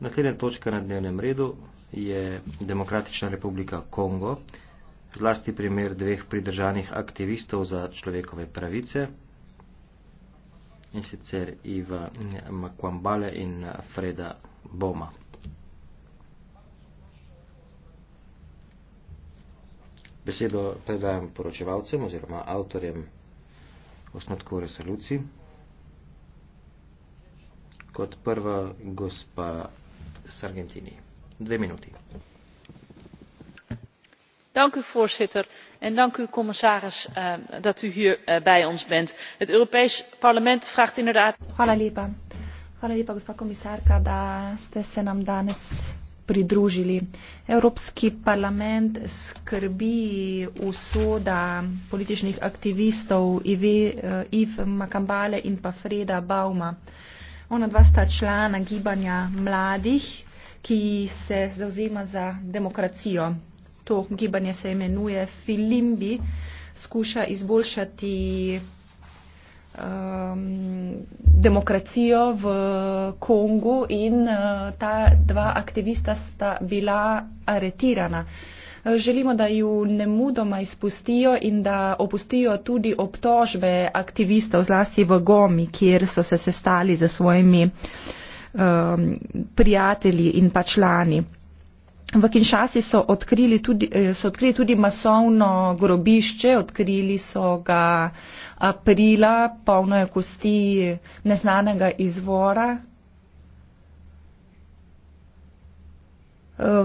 Naslednja točka na dnevnem redu je Demokratična republika Kongo, zlasti primer dveh pridržanih aktivistov za človekove pravice, in sicer Iva Makwambale in Freda Boma. Besedo predajam poročevalcem oziroma avtorjem osnotkov resolucij. Kot prva gospa sargentini twee minuten. dank u voorzitter en dank u commissaris eh, dat u hier eh, bij ons bent. het europees parlement vraagt inderdaad. hvala lepa gospa komisarka da ste se nam danes pridružili. evropski parlament skrbi usoda političnih aktivistov iv eh, makambale in pa freda bauma. Ona dva sta člana gibanja mladih, ki se zauzema za demokracijo. To gibanje se imenuje Filimbi, skuša izboljšati um, demokracijo v Kongu in uh, ta dva aktivista sta bila aretirana. Uh, Želimo, da ju ne mudoma izpustijo in da opustijo tudi obtožbe aktivistov, zlasti v Gomi, kjer so se sestali za svojimi um, prijatelji in pa člani. V Kinšasi so, eh, so odkrili tudi masovno grobišče, odkrili so ga aprila, polno je kosti neznanega izvora,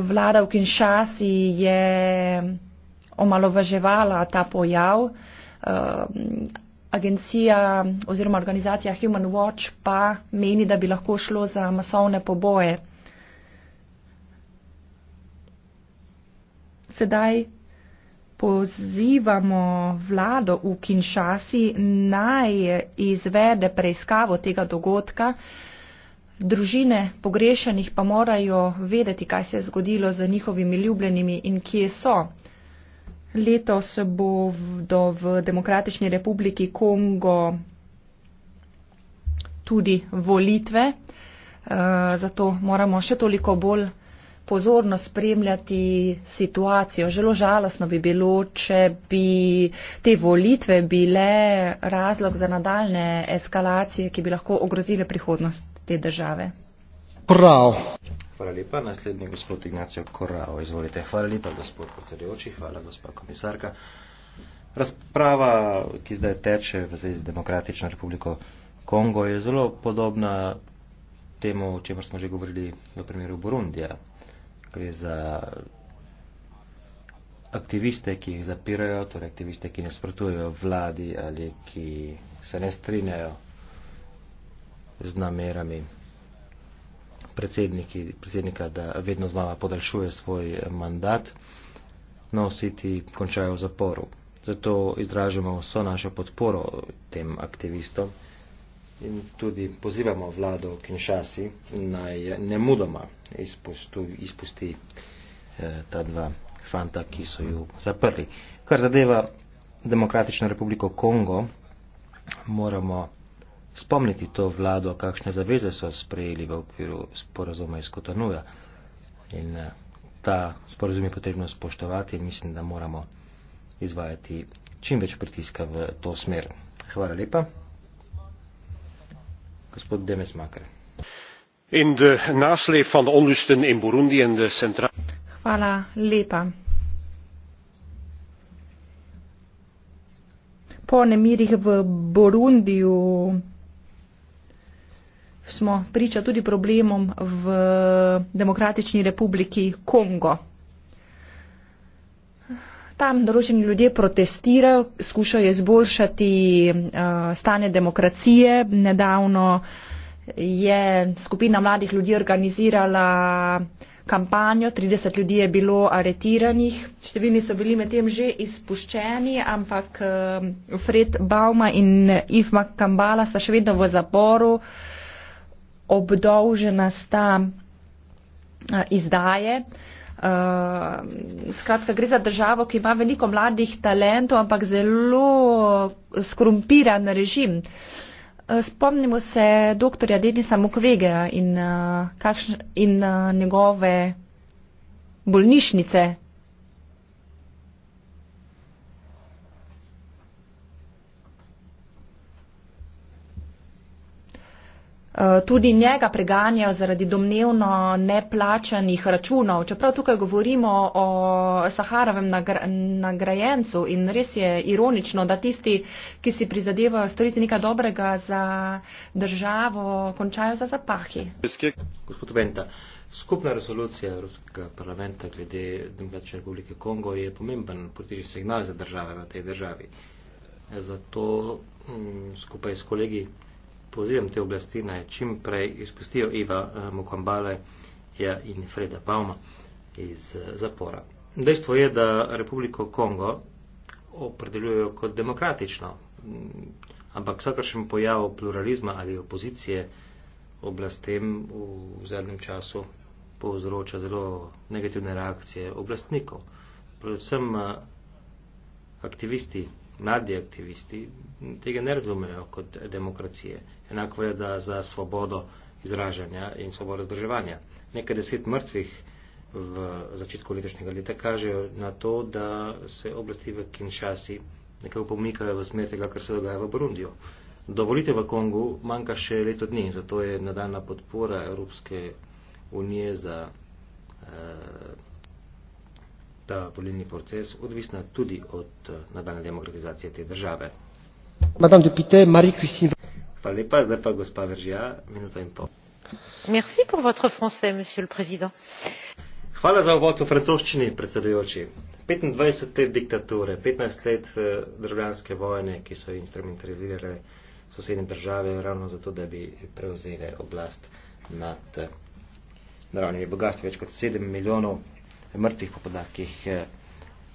vlada v Kinshasi je omalovaževala ta pojav. Eh, agencija oziroma organizacija Human Watch pa meni, da bi lahko šlo za masovne poboje. Sedaj pozivamo vlado v Kinshasi naj izvede preiskavo tega dogodka. Uh, Družine pogrešanih pa morajo vedeti, kaj se je zgodilo z njihovimi ljubljenimi in kje so. Leto se bo do v Demokratični republiki Kongo tudi volitve, eh, zato moramo še toliko bolj pozorno spremljati situacijo. Želo žalostno bi bilo, če bi te volitve bile razlog za nadaljne eskalacije, ki bi lahko ogrozile prihodnost te države. Prav. Hvala lepa, naslednji gospod Ignacio Korao, izvolite. Hvala lepa, gospod predsedujoči, hvala gospa komisarka. Razprava, ki zdaj teče v zvezi z Demokratično republiko Kongo, je zelo podobna temu, o čemer smo že govorili v primeru Burundija. Gre za aktiviste, ki jih zapirajo, torej aktiviste, ki ne sprotujejo vladi ali ki se ne strinjajo z namerami predsednika, da vedno znova podaljšuje svoj eh, mandat, no vsi ti končajo v zaporu. Zato izražamo vso našo podporo tem aktivistom in tudi pozivamo vlado Kinshasi naj ne mudoma izpusti, izpusti eh, ta dva fanta, ki so ju zaprli. Kar zadeva Demokratično republiko Kongo, moramo spomniti to vlado, kakšne zaveze so sprejeli v okviru sporazuma iz Kotonuja. In eh, ta sporazum je potrebno spoštovati in mislim, da moramo izvajati čim več pritiska v to smer. Hvala lepa. Gospod Demes Makar. In de eh, nasle van onlusten in Burundi in de centra... Hvala lepa. Po nemirih v Burundiju smo priča tudi problemom v Demokratični republiki Kongo. Tam določeni ljudje protestirajo, skušajo izboljšati uh, stanje demokracije. Nedavno je skupina mladih ljudi organizirala kampanjo, 30 ljudi je bilo aretiranih, številni so bili medtem že izpuščeni, ampak uh, Fred Bauma in Ifma Kambala sta še vedno v zaporu. Uh, obdolžena sta izdaje. Skratka, gre za državo, ki ima veliko mladih talentov, ampak zelo skrumpiran režim. Spomnimo se dr. Denisa Mukvege in, in njegove bolnišnice, Eh, tudi njega preganjajo zaradi domnevno neplačanih računov. Čeprav tukaj govorimo o Saharovem nagra nagrajencu in res je ironično, da tisti, ki si prizadevajo storiti nekaj dobrega za državo, končajo za zapahi. Gospod Venta, skupna rezolucija Evropskega parlamenta glede Demokratične republike Kongo je pomemben politični signal za države v tej državi. Zato mm, skupaj s kolegi pozivam te oblasti naj čim prej izpustijo Iva eh, Mukambale ja, in Freda Pauma iz eh, zapora. Dejstvo je, da Republiko Kongo opredeljujejo kot demokratično, mm, ampak vsakršen pojav pluralizma ali opozicije oblastem v zadnjem času povzroča zelo negativne reakcije oblastnikov. Predvsem eh, aktivisti mladi aktivisti tega ne razumejo kot demokracije. Enako je da za svobodo izražanja in svobodo zdrževanja. Nekaj deset mrtvih v začetku letošnjega leta kažejo na to, da se oblasti v Kinshasi nekako pomikajo v smer tega, kar se dogaja v Burundiju. Dovolite v Kongu manjka še leto dni, zato je nadaljna podpora Evropske unije za eh, ta volilni proces odvisna tudi od eh, nadaljne demokratizacije te države. Madame de Pite, Marie-Christine. Hvala lepa, zdaj pa gospa Veržija, minuto in pol. Merci pour votre français, monsieur le président. Hvala za uvod v francoščini, predsedujoči. 25 let diktature, eh, 15 let državljanske vojne, ki so instrumentalizirale sosednje države ravno zato, da bi prevzeli oblast nad eh, naravnimi bogatstvi, več kot 7 milijonov mrtvih po podatkih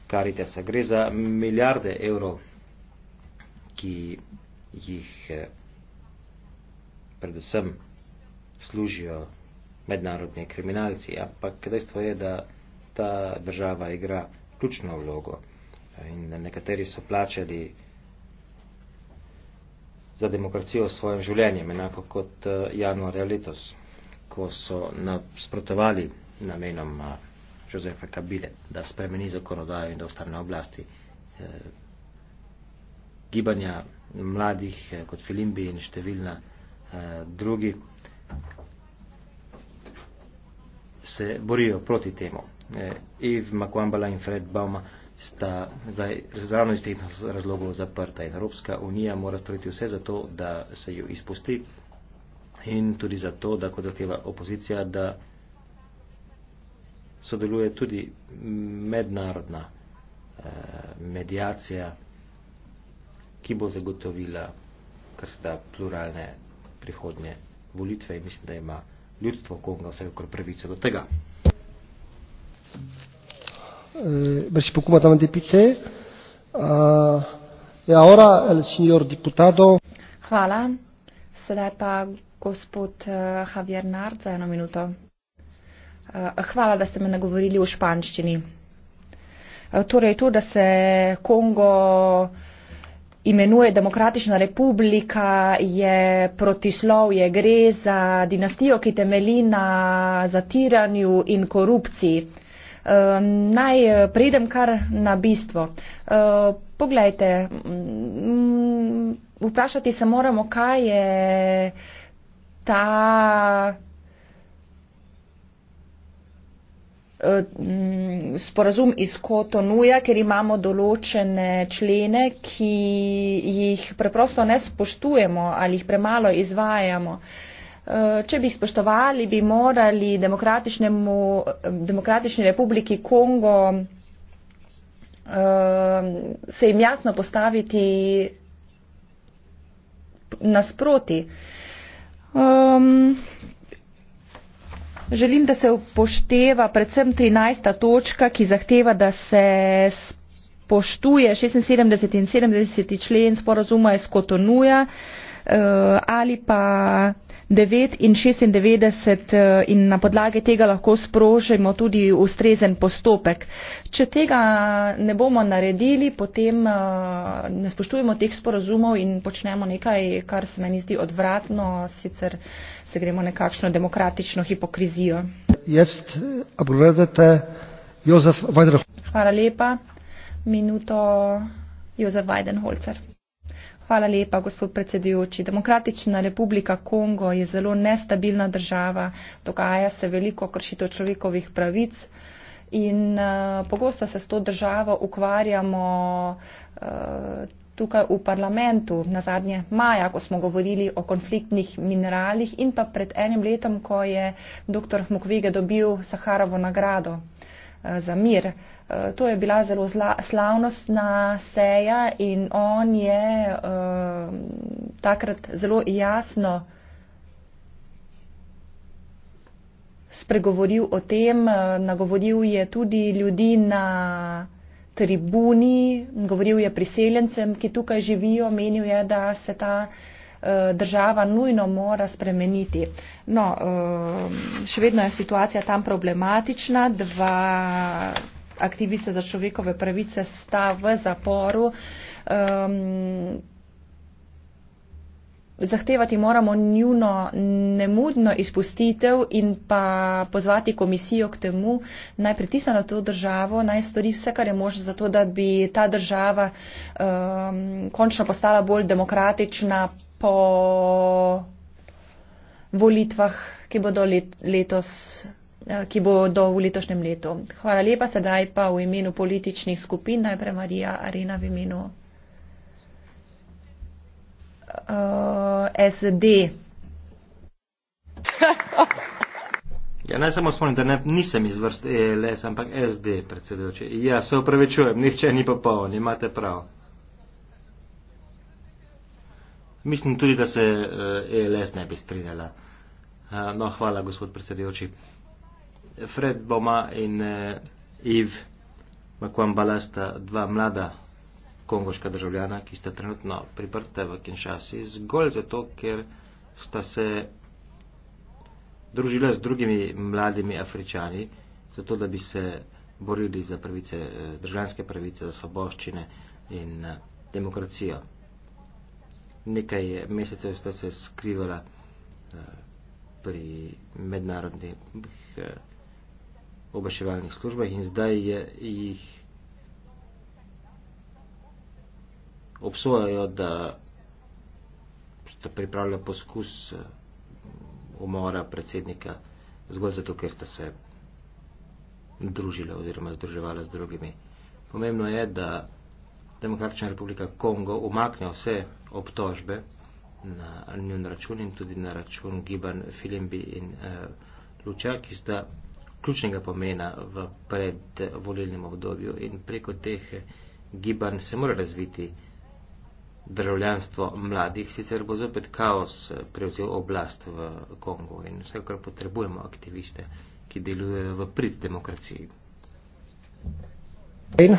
Karitesa. Eh, Gre za milijarde evrov, ki jih eh, predvsem služijo mednarodni kriminalci, ampak dejstvo je, da ta država igra ključno vlogo in nekateri so plačali za demokracijo s svojim življenjem, enako kot eh, januarja letos, ko so nasprotovali namenom Žozefa Kabile, da spremeni zakonodajo in da ostane na oblasti. Eh, gibanja mladih eh, kot Filimbi in številna eh, drugi se borijo proti temu. Iv Makwambala in Fred Bauma sta zdaj ravno iz teh razlogov zaprta in Evropska unija mora storiti vse za to, da se jo izpusti in tudi za to, da kot zahteva opozicija, da sodeluje tudi mednarodna eh, medijacija, ki bo zagotovila kar se da pluralne prihodnje volitve in mislim, da ima ljudstvo Konga vsekakor pravico do tega. Eh, merci beaucoup, madame député. Uh, eh, e ja, ora, el signor deputado. Hvala. Sedaj pa gospod uh, Javier Nard za eno minuto. Eh, hvala, da ste me nagovorili v španščini. Eh, torej, to, da se Kongo imenuje Demokratična republika, je protislov, je gre za dinastijo, ki temeli na zatiranju in korupciji. Eh, naj pridem kar na bistvo. Poglejte, mm, mm, vprašati se moramo, kaj je ta Eh, mm, sporazum iz Kotonuja, ker imamo določene člene, ki jih preprosto ne spoštujemo ali jih premalo izvajamo. Eh, če bi jih spoštovali, bi morali demokratični republiki Kongo eh, se jim jasno postaviti nasproti. Ehm, Želim, da se upošteva predvsem 13. točka, ki zahteva, da se poštuje 76 in 70 člen sporozuma iz Kotonuja eh, ali pa devet in šestindevetdeset eh, in na podlagi tega lahko sprožimo tudi ustrezen postopek. Če tega ne bomo naredili, potem eh, ne spoštujemo teh sporozumov in počnemo nekaj, kar se meni zdi odvratno, sicer se gremo nekakšno demokratično hipokrizijo. Hvala lepa. Minuto Jozef Weidenholzer. Hvala lepa, gospod predsedujoči. Demokratična republika Kongo je zelo nestabilna država, dogaja se veliko kršitev človekovih pravic in uh, pogosto se s to državo ukvarjamo uh, tukaj v parlamentu na zadnje maja, ko smo govorili o konfliktnih mineralih in pa pred enim letom, ko je dr. Mukvege dobil Saharovo nagrado. Uh, Eh, za mir. Eh, to je bila zelo slavnostna seja in on je eh, takrat zelo jasno spregovoril o tem, nagovoril je tudi ljudi na tribuni, govoril je priseljencem, ki tukaj živijo, menil je, da se ta Eh, država nujno mora spremeniti. No, eh, še vedno je situacija tam problematična. Dva aktivista za človekove pravice sta v zaporu. Um, zahtevati moramo njuno nemudno izpustitev in pa pozvati komisijo k temu, naj pritisne na to državo, naj stori vse, kar je možno za to, da bi ta država um, končno postala bolj demokratična, po volitvah, ki bodo let, letos eh, ki bo do v letošnjem letu. Hvala lepa, sedaj pa v imenu političnih skupin, najprej Marija Arena v imenu uh, eh, SD. ja, naj samo spomnim, da ne, nisem iz vrste ELS, ampak SD, predsedujoče. Ja, se opravičujem, nihče ni popoln, imate prav. Mislim tudi, da se ELS eh, e ne bi strinjala. Eh, no, hvala, gospod predsedujoči. Fred Boma in Iv eh, Makwambala sta dva mlada kongoška državljana, ki sta trenutno priprta v Kinshasi, zgolj zato, ker sta se družila z drugimi mladimi afričani, zato da bi se borili za pravice, državljanske pravice, za svoboščine in demokracijo nekaj mesecev sta se skrivala eh, pri mednarodnih eh, obaševalnih službah in zdaj je jih obsojajo, da sta pripravila poskus eh, umora predsednika zgolj zato, ker sta se družila oziroma združevala z drugimi. Pomembno je, da Demokratična republika Kongo umakne vse obtožbe na njen račun in tudi na račun giban Filimbi in eh, Luča, ki sta ključnega pomena v predvolilnem obdobju in preko teh eh, giban se mora razviti državljanstvo mladih, sicer bo zopet kaos eh, prevzel oblast v Kongu in vse, kar potrebujemo aktiviste, ki delujejo v prid demokraciji. In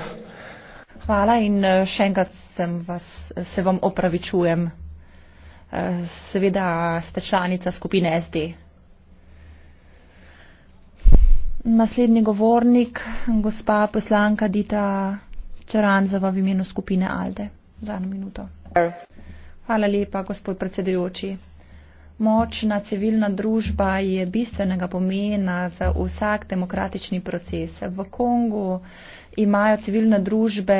Hvala in eh, še enkrat sem vas, se vam opravičujem. Eh, seveda ste članica skupine SD. Naslednji govornik, gospa poslanka Dita Čeranzova v imenu skupine Alde. Za eno minuto. Hvala lepa, gospod predsedujoči. Močna civilna družba je bistvenega pomena za vsak demokratični proces. V Kongu imajo civilne družbe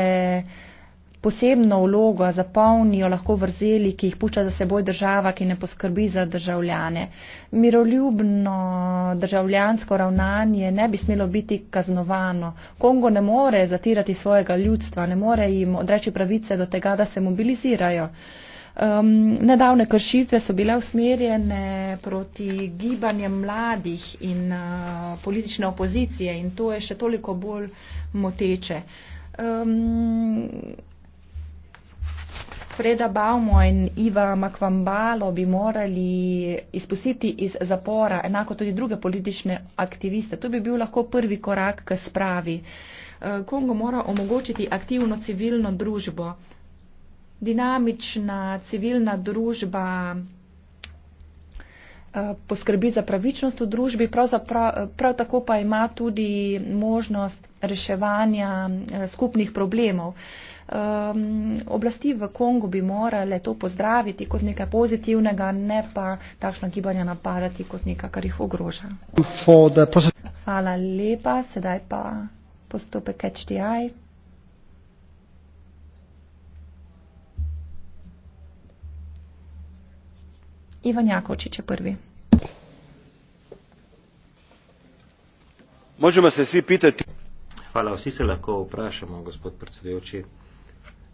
posebno vlogo, zapolnijo lahko vrzeli, ki jih pušča za seboj država, ki ne poskrbi za državljane. Miroljubno državljansko ravnanje ne bi smelo biti kaznovano. Kongo ne more zatirati svojega ljudstva, ne more jim odreči pravice do tega, da se mobilizirajo. Um, nedavne kršitve so bile usmerjene proti gibanjem mladih in uh, politične opozicije in to je še toliko bolj moteče. Um, Freda Baumo in Iva Makvambalo bi morali izpustiti iz zapora, enako tudi druge politične aktiviste. To bi bil lahko prvi korak k spravi. Kongo mora omogočiti aktivno civilno družbo dinamična civilna družba eh, poskrbi za pravičnost v družbi, prav, eh, prav tako pa ima tudi možnost reševanja eh, skupnih problemov. Um, oblasti v Kongu bi morale to pozdraviti kot nekaj pozitivnega, ne pa takšno gibanje napadati kot nekaj, kar jih ogroža. Hvala lepa, sedaj pa postopek HDI. Ivan Jakovčić je prvi. Možemo se svi pitati... Hvala, vsi se lahko vprašamo, gospod predsedujoči,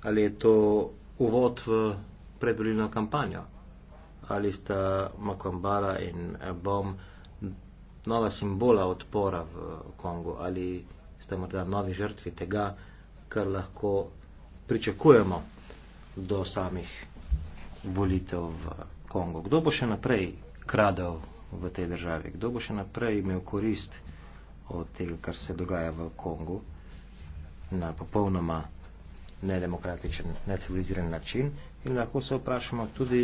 ali je to uvod v predvoljeno kampanjo, ali sta Makambala in Bom nova simbola odpora v Kongu, ali sta morda novi žrtvi tega, kar lahko pričakujemo do samih volitev v Kongo? Kdo bo še naprej kradel v tej državi? Kdo bo še naprej imel korist od tega, kar se dogaja v Kongu na popolnoma nedemokratičen, neciviliziran način? In lahko se vprašamo tudi,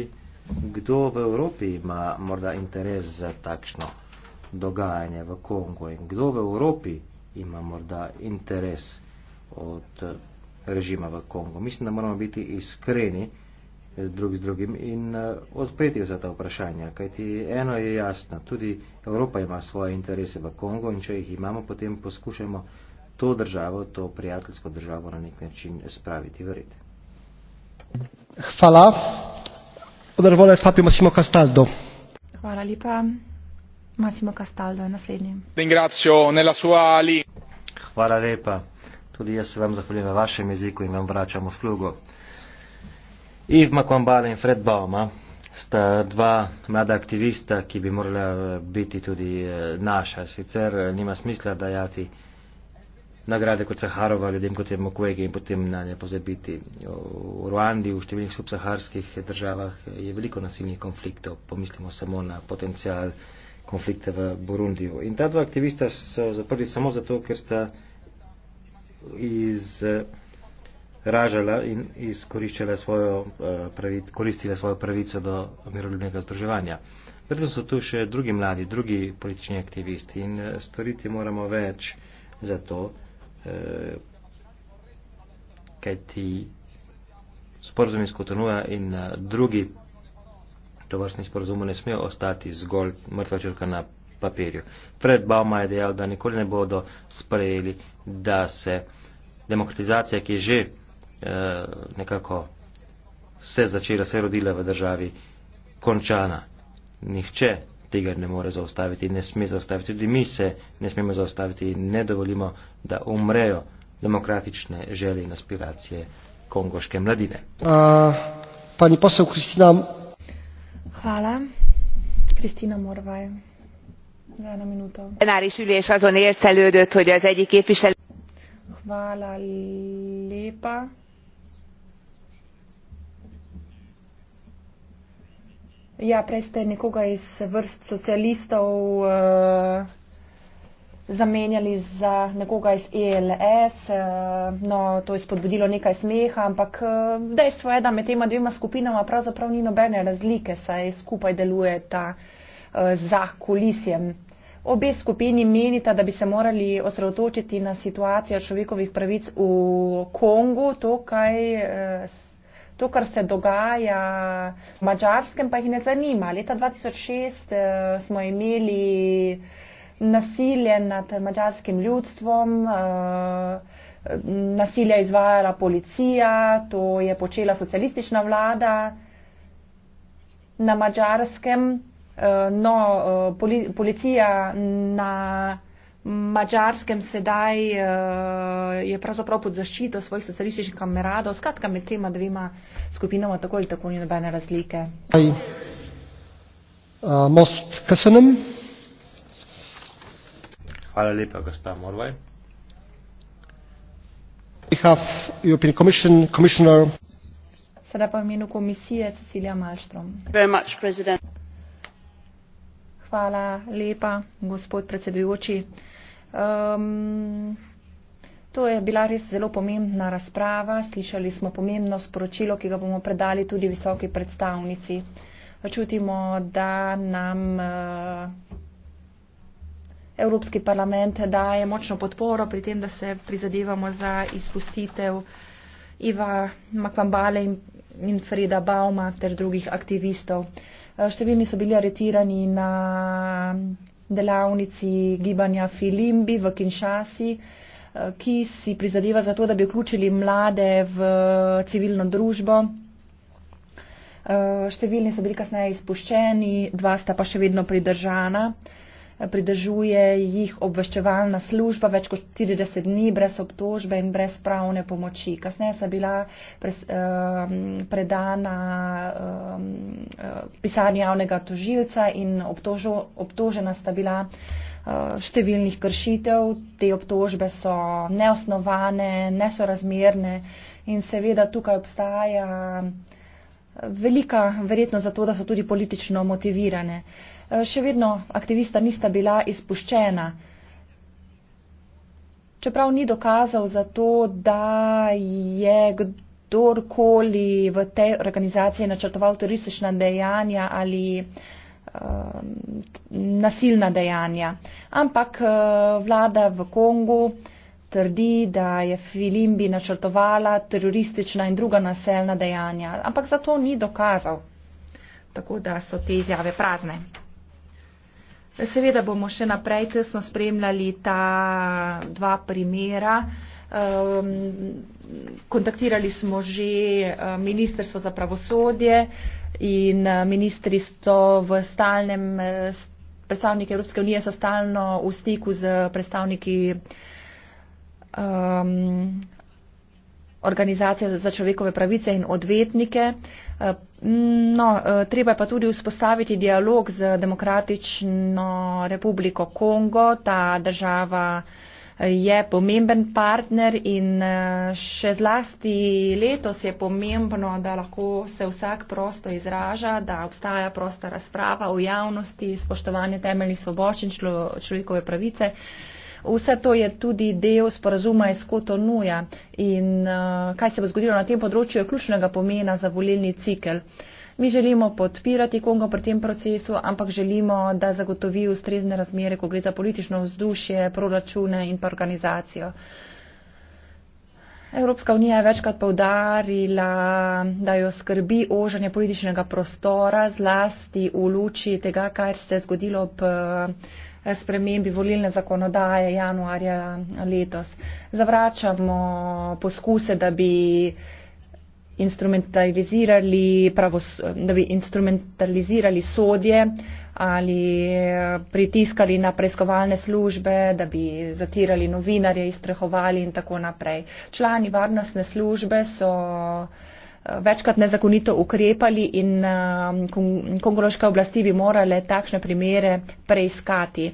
kdo v Evropi ima morda interes za takšno dogajanje v Kongu in kdo v Evropi ima morda interes od režima v Kongu. Mislim, da moramo biti iskreni z, eh, drug z drugim in uh, odpreti za ta vprašanja. Kajti eno je jasno, tudi Evropa ima svoje interese v Kongo in če jih imamo, potem poskušajmo to državo, to prijateljsko državo na nek način spraviti v red. Hvala. Odrvole Fabio Massimo Castaldo. Hvala lepa. Massimo Castaldo je naslednji. Ringrazio nella sua lingua. Hvala lepa. Tudi jaz se vam zahvaljujem na vašem jeziku in vam vračam uslugo. Yves Makwambala in Fred Bauma sta dva mlada aktivista, ki bi morala eh, biti tudi eh, naša. Sicer eh, nima smisla dajati nagrade kot Saharova ljudem kot je Mukwege in potem na nje pozabiti. V Ruandi, v številnih subsaharskih državah je veliko nasilnih konfliktov, pomislimo samo na potencial konflikte v Burundiju. In ta dva aktivista so zaprli samo zato, ker sta iz ražala in izkoriščala svojo, eh, koristila svojo pravico do miroljubnega združevanja. Verjetno so tu še drugi mladi, drugi politični aktivisti in eh, storiti moramo več za to, eh, kaj ti sporozumi s Kotonuja in drugi tovrstni sporozumi ne smejo ostati zgolj mrtva črka na papirju. Fred Bauma je dejal, da nikoli ne bodo sprejeli, da se demokratizacija, ki je že Eh, nekako se začela, se rodila v državi končana. Nihče tega ne more zaustaviti, ne sme zaustaviti, tudi mi se ne smemo zaustaviti in ne dovolimo, da umrejo demokratične želje in aspiracije kongoške mladine. A, pani posel, Kristina. Hvala. Kristina Morvaj. Eno minuto. Plenáris ülés azon élcelődött, hogy az egyik képviselő. Hvala lepa. Ja, prej ste nekoga iz vrst socialistov uh, zamenjali za nekoga iz ELS. Uh, eh, no, to je spodbudilo nekaj smeha, ampak uh, dejstvo je, da med tema dvema skupinama pravzaprav ni nobene razlike, saj skupaj delujeta uh, za kulisjem. Obe skupini menita, da bi se morali osredotočiti na situacijo človekovih pravic v Kongu, to, kaj. Uh, to, kar se dogaja v Mačarskem, pa jih ne zanima. Leta 2006 uh, eh, smo imeli nasilje nad mačarskim ljudstvom, uh, eh, nasilje izvajala policija, to je počela socialistična vlada na Mačarskem. Uh, eh, no, uh, poli policija na. Mačarskem sedaj uh, je pravzaprav pod zaščito svojih socialističnih kameradov. Skratka, med tema dvema skupinama tako ali tako ni nobene razlike. Aj, a, most Kasenem. Hvala lepa, gospa Morvaj. We have European Commission Commissioner. Sada pa imenu komisije Cecilija Malmström. Very much, President. Hvala lepa, gospod predsedujoči. Um, to je bila res zelo pomembna razprava. Slišali smo pomembno sporočilo, ki ga bomo predali tudi visoki predstavnici. Čutimo, da nam uh, Evropski parlament daje močno podporo pri tem, da se prizadevamo za izpustitev Iva Makvambale in, in Freda Bauma ter drugih aktivistov. Uh, številni so bili aretirani na. Uh, delavnici gibanja Filimbi v Kinšasi, eh, ki si prizadeva za to, da bi vključili mlade v civilno družbo. Eh, številni so bili kasneje izpuščeni, dva sta pa še vedno pridržana pridržuje jih obveščevalna služba več kot 40 dni brez obtožbe in brez pravne pomoči. Kasneje so bila pres, eh, predana eh, pisanju javnega tožilca in obtožo, obtožena sta bila eh, številnih kršitev. Te obtožbe so neosnovane, nesorazmerne in seveda tukaj obstaja eh, velika verjetnost za to, da so tudi politično motivirane. Eh, Eh, še vedno aktivista nista bila izpuščena. Čeprav ni dokazal za to, da je kdorkoli v tej organizaciji načrtoval turistična dejanja ali ehm, nasilna dejanja. Ampak eh, vlada v Kongu trdi, da je Filimbi načrtovala teroristična in druga nasilna dejanja. Ampak za to ni dokazal. Tako da so te izjave prazne. Seveda bomo še naprej tesno spremljali ta dva primera. Ehm, kontaktirali smo že eh, Ministrstvo za pravosodje in eh, ministristvo v stalnem, eh, predstavniki Evropske unije so stalno v stiku z predstavniki um, organizacije za človekove pravice in odvetnike. Uh, No, eh, treba je pa tudi vzpostaviti dialog z Demokratično republiko Kongo. Ta država eh, je pomemben partner in eh, še zlasti letos je pomembno, da lahko se vsak prosto izraža, da obstaja prosta razprava v javnosti, spoštovanje temeljnih svoboč in človekove pravice. Vse to je tudi del sporazuma iz Kotonuja in uh, kaj se bo zgodilo na tem področju je ključnega pomena za volilni cikel. Mi želimo podpirati Kongo pri tem procesu, ampak želimo, da zagotovi ustrezne razmere, ko gre za politično vzdušje, proračune in pa organizacijo. Evropska unija je večkrat povdarila, da jo skrbi ožanje političnega prostora, zlasti v luči tega, kar se je zgodilo ob spremembi volilne zakonodaje januarja letos. Zavračamo poskuse, da bi instrumentalizirali, pravos, da bi instrumentalizirali sodje ali eh, pritiskali na preiskovalne službe, da bi zatirali novinarje, izstrahovali in tako naprej. Člani varnostne službe so večkrat nezakonito ukrepali in um, kongološke oblasti bi morale takšne primere preiskati.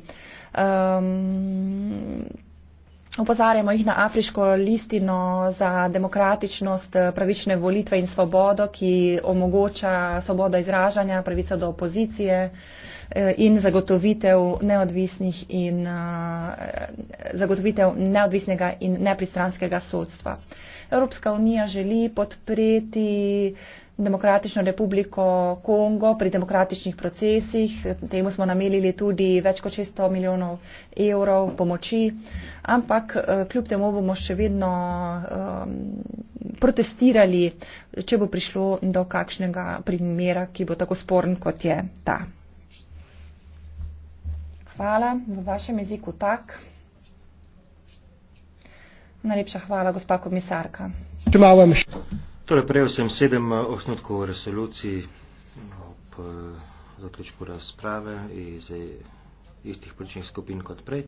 Um, Opozarjamo jih na afriško listino za demokratičnost, pravične volitve in svobodo, ki omogoča svobodo izražanja, pravico do opozicije. Uh, Eh, in zagotovitev neodvisnih in eh, zagotovitev neodvisnega in nepristranskega sodstva. Evropska unija želi podpreti Demokratično republiko Kongo pri demokratičnih procesih. Temu smo namelili tudi več kot 600 milijonov evrov pomoči, ampak eh, kljub temu bomo še vedno um, protestirali, če bo prišlo do kakšnega primera, ki bo tako sporen, kot je ta hvala. V vašem jeziku tak. Najlepša hvala, gospa komisarka. Torej, prejel sem sedem eh, osnotkov resolucij eh, ob eh, zaključku razprave iz istih političnih skupin kot prej.